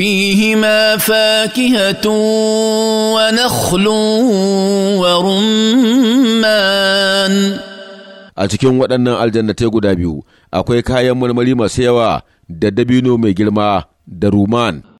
فيهما فاكهة ونخل ورمان a cikin waɗannan aljannatai guda biyu akwai kayan marmari masu yawa da dabino mai girma da ruman